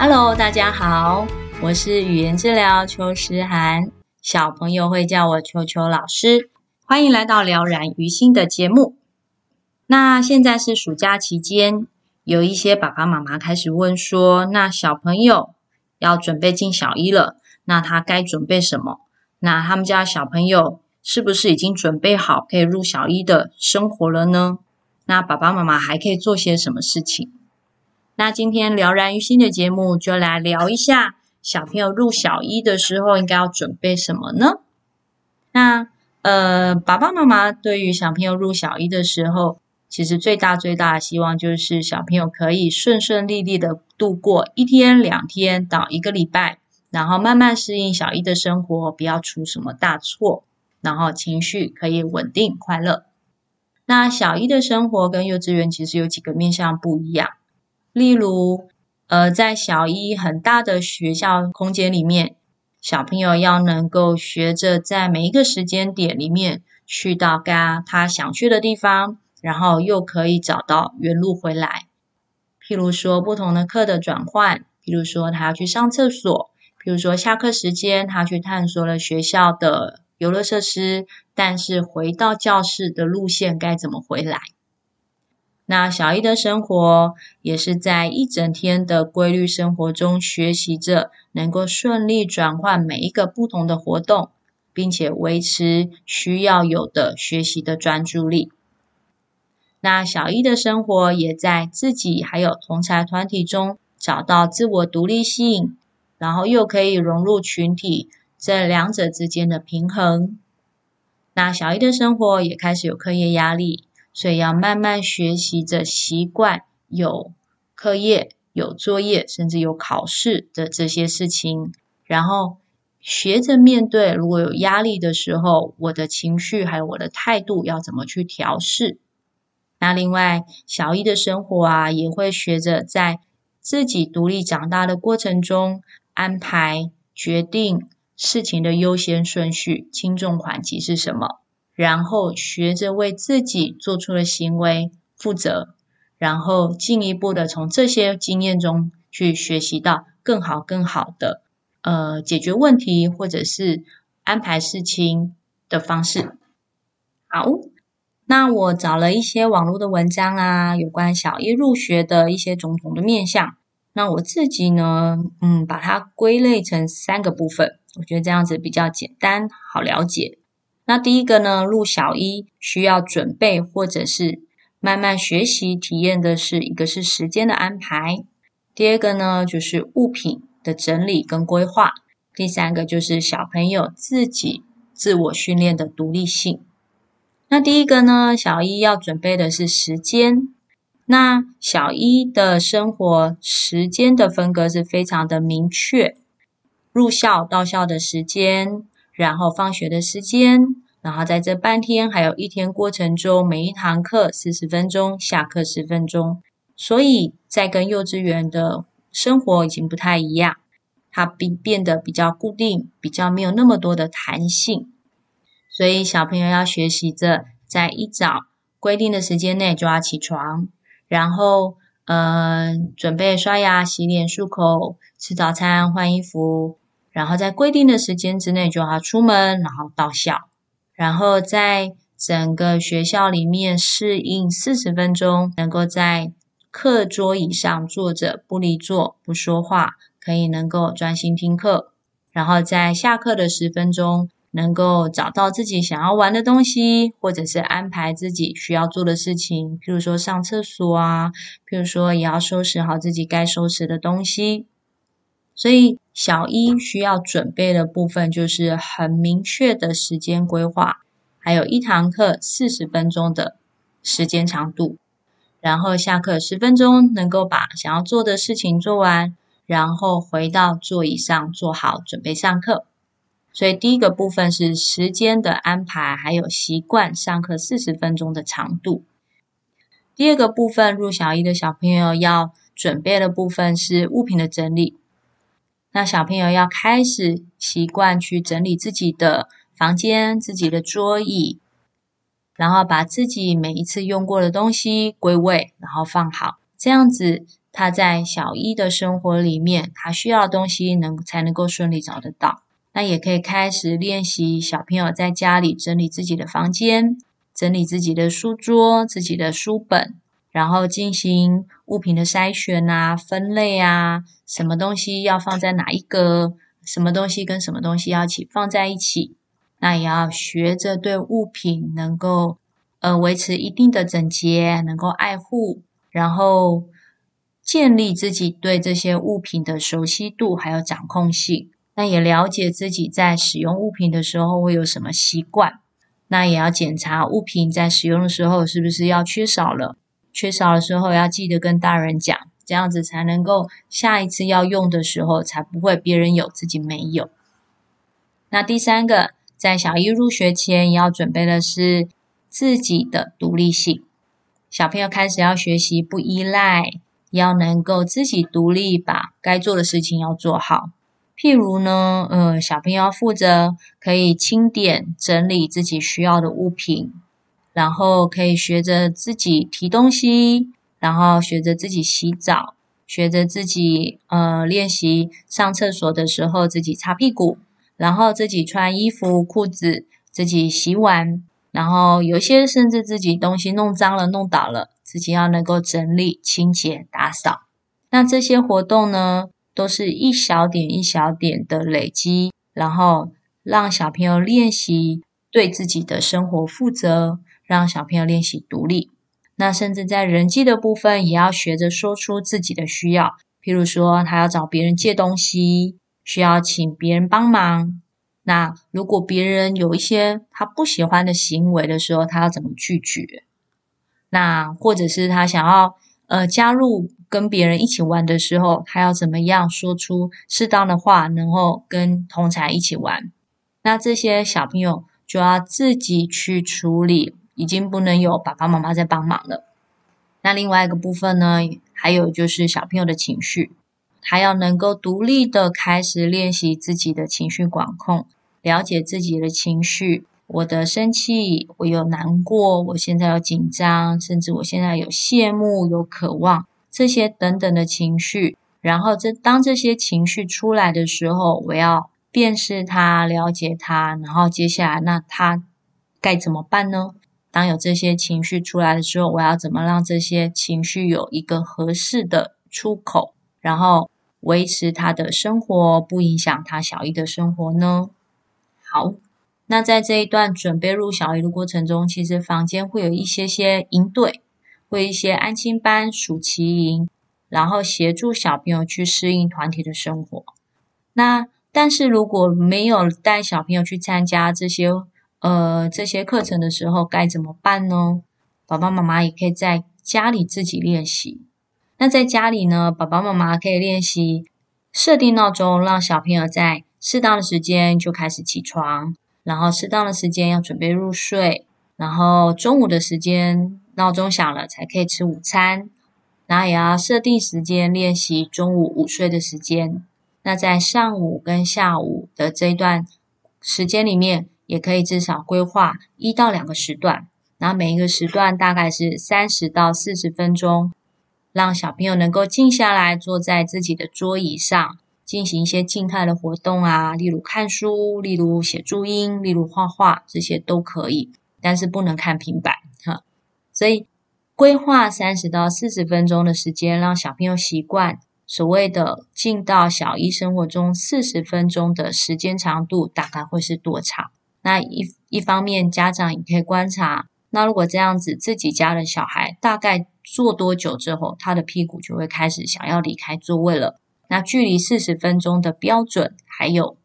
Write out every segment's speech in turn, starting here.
Hello，大家好，我是語言治療邱詩涵，小朋友會叫我邱邱老師。歡迎來到療燃於心的節目。那現在是暑假期間，有一些爸爸媽媽開始問說，那小朋友要準備進小一了，那他該準備什麼？那他們家小朋友是不是已經準備好可以入小一的生活了呢？那爸爸媽媽還可以做些什麼事情？那今天療燃於心的節目，就來聊一下小朋友入小一的時候應該要準備什麼呢？那呃，爸爸媽媽對於小朋友入小一的時候，其實最大最大的希望就是小朋友可以順順利利的度過一天、兩天到一個禮拜，然後慢慢適應小一的生活，不要出什麼大錯，然後情緒可以穩定快樂。那小一的生活跟幼稚園其實有幾個面向不一樣。例如，呃，在小一很大的學校空間裡面，小朋友要能夠學着在每一個時間點裡面去到該他想去的地方，然後又可以找到原路回來。譬如說不同的課的轉換，譬如說他要去上廁所，譬如說下課時間他去探索了學校的遊樂設施，但是回到教室的路線該怎麼回來？那小一的生活也是在一整天的規律生活中學習着，能夠順利轉換每一個不同的活動，並且維持需要有的學習的專注力。那小一的生活也在自己還有同儕團體中找到自我獨立性，然後又可以融入群體這兩者之間的平衡。那小一的生活也開始有課業壓力。所以要慢慢學習着習慣有課業、有作業，甚至有考試的這些事情，然後學着面對如果有壓力的時候，我的情緒還有我的態度要怎麼去調試。那另外，小一的生活啊，也會學着在自己獨立長大的過程中，安排、決定事情的優先順序、輕重緩急是什麼。然後學着為自己做出的行為負責，然後進一步的從這些經驗中去學習到更好、更好的呃解決問題或者是安排事情的方式。好，那我找了一些網絡的文章啊，有關小一入學的一些種種的面向。那我自己呢，嗯，把它歸類成三個部分，我覺得這樣子比較簡單，好了解。那第一個呢，入小一需要準備或者是慢慢學習體驗的是，一個是時間的安排，第二個呢就是物品的整理跟規劃，第三個就是小朋友自己自我訓練的獨立性。那第一個呢，小一要準備的是時間。那小一的生活時間的分割是非常的明確，入校到校的時間。然後放學的時間，然後在這半天還有一天過程中，每一堂課四十分鐘，下課十分鐘，所以在跟幼稚園的生活已經不太一樣，它變變得比較固定，比較沒有那麼多的彈性，所以小朋友要學習着在一早規定的時間內就要起床，然後嗯、呃、準備刷牙、洗臉、漱口、吃早餐、換衣服。然後在規定的時間之內就要出門，然後到校，然後在整個學校裡面適應四十分鐘，能夠在課桌椅上坐着，不離座，不說話，可以能夠專心聽課。然後在下課的十分鐘，能夠找到自己想要玩的東西，或者是安排自己需要做的事情，譬如說上廁所啊，譬如說也要收拾好自己該收拾的東西。所以小一需要準備的部分就是很明確的時間規劃，還有一堂課四十分鐘的時間長度，然後下課十分鐘能夠把想要做的事情做完，然後回到座椅上坐好準備上課。所以第一個部分是時間的安排，還有習慣上課四十分鐘的長度。第二個部分，入小一的小朋友要準備的部分是物品的整理。那小朋友要開始習慣去整理自己的房間、自己的桌椅，然後把自己每一次用過的東西歸位，然後放好。這樣子，他在小一的生活裡面，他需要的東西能才能夠順利找得到。那也可以開始練習小朋友在家裡整理自己的房間，整理自己的書桌、自己的書本。然後進行物品的篩選啊、分類啊，什麼東西要放在哪一個？什麼東西跟什麼東西要一起放在一起？那也要學着對物品能夠呃維持一定的整潔，能夠愛護，然後建立自己對這些物品的熟悉度還有掌控性。那也了解自己在使用物品的時候會有什麼習慣。那也要檢查物品在使用的時候是不是要缺少了。缺少的時候要記得跟大人講，這樣子才能夠下一次要用的時候才不會別人有自己沒有。那第三個，在小一入學前也要準備的是自己的獨立性。小朋友開始要學習不依賴，也要能夠自己獨立把該做的事情要做好。譬如呢，呃，小朋友要負責可以清點整理自己需要的物品。然後可以學着自己提東西，然後學着自己洗澡，學着自己呃練習上廁所的時候自己擦屁股，然後自己穿衣服褲子，自己洗碗，然後有些甚至自己東西弄髒了弄倒了，自己要能夠整理清潔打掃。那這些活動呢，都是一小點一小點的累積，然後讓小朋友練習對自己的生活負責。讓小朋友練習獨立，那甚至在人際的部分，也要學着說出自己的需要。譬如說，他要找別人借東西，需要請別人幫忙。那如果別人有一些他不喜歡的行為的時候，他要怎麼拒絕？那或者是他想要呃加入跟別人一起玩的時候，他要怎麼樣說出適當的話，然後跟同儕一起玩？那這些小朋友就要自己去處理。已經不能有爸爸媽媽在幫忙了。那另外一個部分呢，還有就是小朋友的情緒，他要能夠獨立的開始練習自己的情緒管控，了解自己的情緒。我的生氣，我有難過，我現在有緊張，甚至我現在有羨慕，有渴望這些等等的情緒。然後這當這些情緒出來的時候，我要辨識它，了解它，然後接下來那他該怎麼辦呢？當有這些情緒出來的時候，我要怎麼讓這些情緒有一個合適的出口，然後維持他的生活，不影響他小一的生活呢？好，那在這一段準備入小一的過程中，其實坊間會有一些些營隊，會有一些安親班、暑期營，然後協助小朋友去適應團體的生活。那但是如果沒有帶小朋友去參加這些，呃，這些課程的時候該怎麼辦呢？爸爸媽媽也可以在家裡自己練習。那在家裡呢，爸爸媽媽可以練習設定鬧鐘，讓小朋友在適當的時間就開始起床，然後適當的時間要準備入睡，然後中午的時間鬧鐘響了才可以吃午餐，然後也要設定時間練習中午午睡的時間。那在上午跟下午的這一段時間裡面，也可以至少規劃一到兩個時段，然後每一個時段大概是三十到四十分鐘，讓小朋友能夠靜下來，坐在自己的桌椅上，進行一些靜態的活動啊，例如看書，例如寫注音，例如畫畫，這些都可以，但是不能看平板哈。所以規劃三十到四十分鐘的時間，讓小朋友習慣所謂的進到小一生活中四十分鐘的時間長度，大概會是多長？那一一方面，家長也可以觀察。那如果這樣子，自己家的小孩大概坐多久之後，他的屁股就會開始想要離開座位了。那距離四十分鐘的標準還有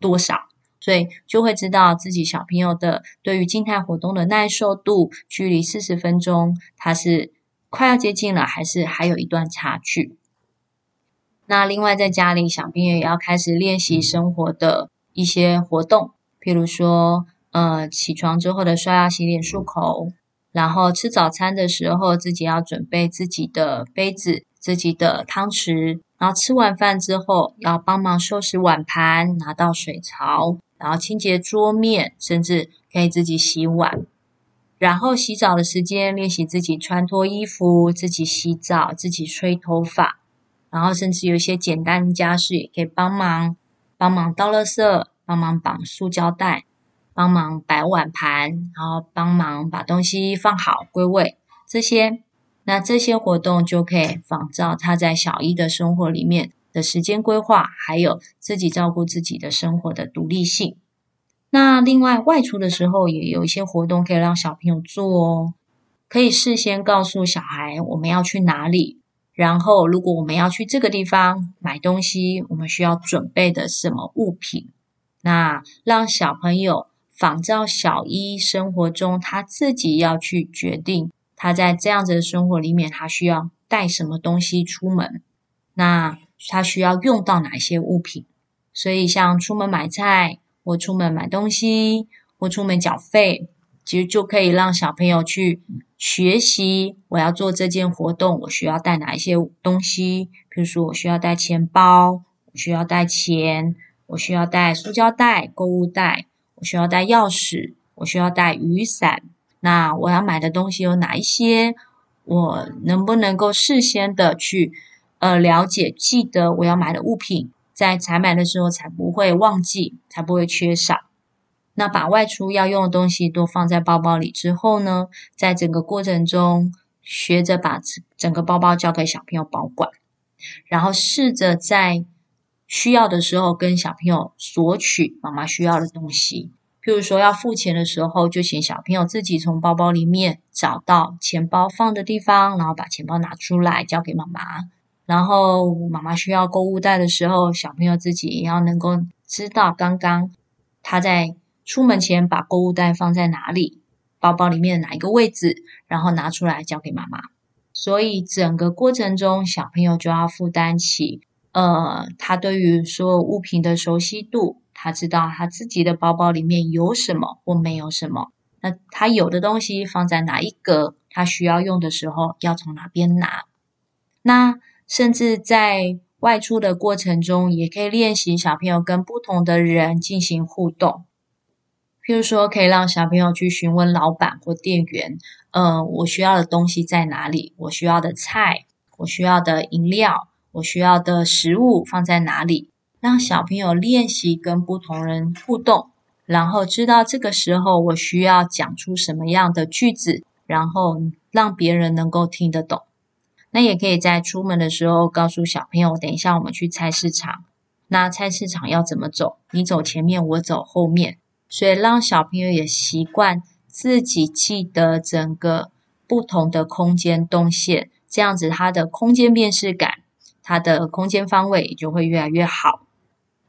多少？所以就會知道自己小朋友的對於靜態活動的耐受度，距離四十分鐘他是快要接近了，還是還有一段差距？那另外在家裡，小朋友也也要開始練習生活的一些活動。譬如說，呃，起床之後的刷牙、洗臉、漱口，然後吃早餐的時候，自己要準備自己的杯子、自己的湯匙，然後吃完飯之後要幫忙收拾碗盤，拿到水槽，然後清潔桌面，甚至可以自己洗碗。然後洗澡的時間，練習自己穿脫衣服、自己洗澡、自己吹頭髮，然後甚至有一些簡單的家事也可以幫忙，幫忙倒垃圾。幫忙綁塑膠袋，幫忙擺碗盤，然後幫忙把東西放好歸位，這些。那這些活動就可以仿照他在小一的生活裡面的時間規劃，還有自己照顧自己的生活的獨立性。那另外外出的時候也有一些活動可以讓小朋友做哦，可以事先告訴小孩我們要去哪裡，然後如果我們要去這個地方買東西，我們需要準備的什麼物品。那讓小朋友仿照小一生活中，他自己要去決定，他在這樣子的生活裡面，他需要帶什麼東西出門，那他需要用到哪些物品？所以像出門買菜，或出門買東西，或出門繳費，其實就可以讓小朋友去學習，我要做這件活動，我需要帶哪一些東西？比如說我需要帶錢包，我需要帶錢。我需要帶塑膠袋、購物袋。我需要帶鑰匙。我需要帶雨傘。那我要買的東西有哪一些？我能不能夠事先的去呃了解，記得我要買的物品，在採買的時候才不會忘記，才不會缺少。那把外出要用的東西都放在包包裡之後呢，在整個過程中學着把整個包包交給小朋友保管，然後試着在。需要的時候跟小朋友索取媽媽需要的東西，譬如說要付錢的時候，就請小朋友自己從包包裡面找到錢包放的地方，然後把錢包拿出來交給媽媽。然後媽媽需要購物袋的時候，小朋友自己也要能夠知道剛剛他在出門前把購物袋放在哪裡，包包裡面的哪一個位置，然後拿出來交給媽媽。所以整個過程中小朋友就要負擔起。呃，他對於所有物品的熟悉度，他知道他自己的包包裡面有什麼或沒有什麼，那他有的東西放在哪一格，他需要用的時候要從哪邊拿。那甚至在外出的過程中，也可以練習小朋友跟不同的人進行互動。譬如說，可以讓小朋友去詢問老闆或店員，嗯、呃，我需要的東西在哪裡？我需要的菜，我需要的飲料。我需要的食物放在哪裡？讓小朋友練習跟不同人互動，然後知道這個時候我需要講出什麼樣的句子，然後讓別人能夠聽得懂。那也可以在出門的時候告訴小朋友：等一下我們去菜市場，那菜市場要怎麼走？你走前面，我走後面。所以讓小朋友也習慣自己記得整個不同的空間動線，這樣子他的空間辨識感，他的空間方位也就會越來越好。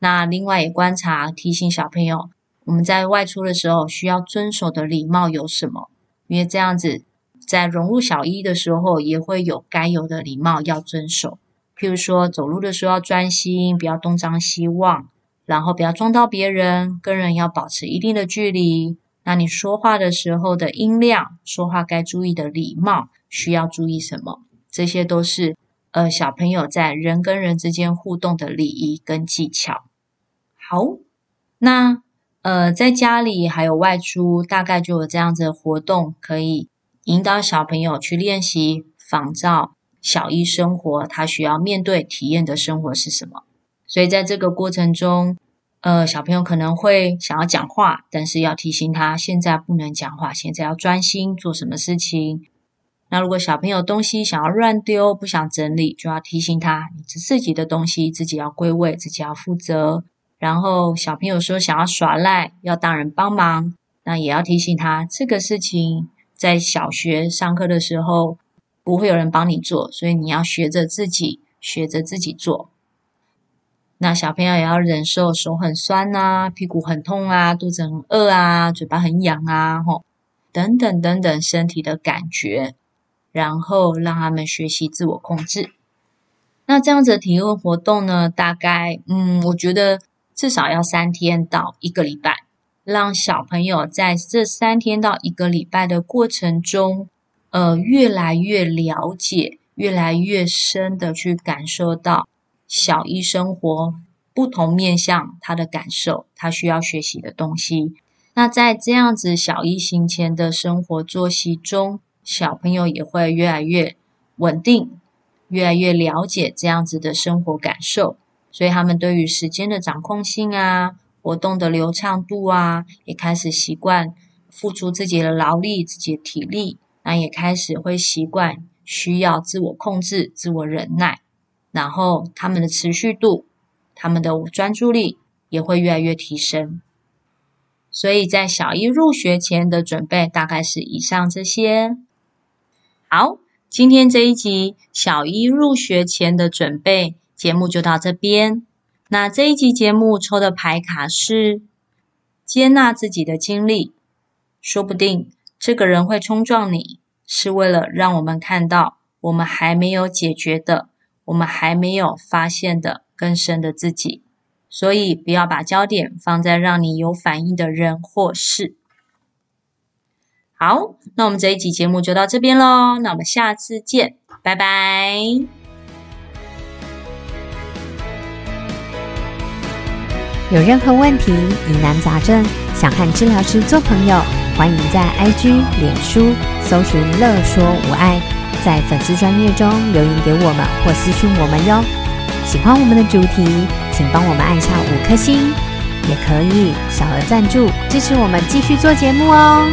那另外也觀察提醒小朋友，我們在外出的時候需要遵守的禮貌有什麼？因為這樣子在融入小一的時候，也會有該有的禮貌要遵守。譬如說，走路的時候要專心，不要東張西望，然後不要撞到別人，跟人要保持一定的距離。那你說話的時候的音量，說話該注意的禮貌，需要注意什麼？這些都是。呃，小朋友在人跟人之間互動的禮儀跟技巧。好，那呃，在家裡還有外出，大概就有這樣子的活動，可以引導小朋友去練習仿照小一生活，他需要面對體驗的生活是什麼。所以在這個過程中，呃，小朋友可能會想要講話，但是要提醒他現在不能講話，現在要專心做什麼事情。那如果小朋友東西想要亂丟，不想整理，就要提醒他，你自己的東西，自己要歸位，自己要負責。然後小朋友說想要耍賴，要大人幫忙，那也要提醒他，這個事情在小學上課的時候不會有人幫你做，所以你要學着自己學着自己做。那小朋友也要忍受手很酸啊，屁股很痛啊，肚子很餓啊，嘴巴很癢啊，吼，等等等等身體的感覺。然後讓他們學習自我控制，那這樣子的體驗活動呢，大概，嗯，我覺得至少要三天到一個禮拜，讓小朋友在這三天到一個禮拜的過程中，呃，越來越了解，越來越深的去感受到小一生活不同面向他的感受，他需要學習的東西。那在這樣子小一行前的生活作息中。小朋友也會越來越穩定，越來越了解這樣子的生活感受，所以他們對於時間的掌控性啊，活動的流暢度啊，也開始習慣付出自己的勞力、自己的體力，那也開始會習慣需要自我控制、自我忍耐，然後他們的持續度、他們的專注力也會越來越提升。所以在小一入學前的準備大概是以上這些。好，今天這一集小一入學前的準備節目就到這邊。那這一集節目抽的牌卡是接納自己的經歷，說不定這個人會衝撞你，是為了讓我們看到我們還沒有解決的、我們還沒有發現的更深的自己。所以不要把焦點放在讓你有反應的人或事。好，那我們這一集節目就到這邊嘍。那我們下次見，拜拜。有任何問題、疑難雜症，想和治療師做朋友，歡迎在 IG、臉書搜尋“樂說無礙”，在粉絲專頁中留言給我們或私訊我們喲。喜歡我們的主題，請幫我們按下五顆星，也可以小額贊助支持我們繼續做節目哦。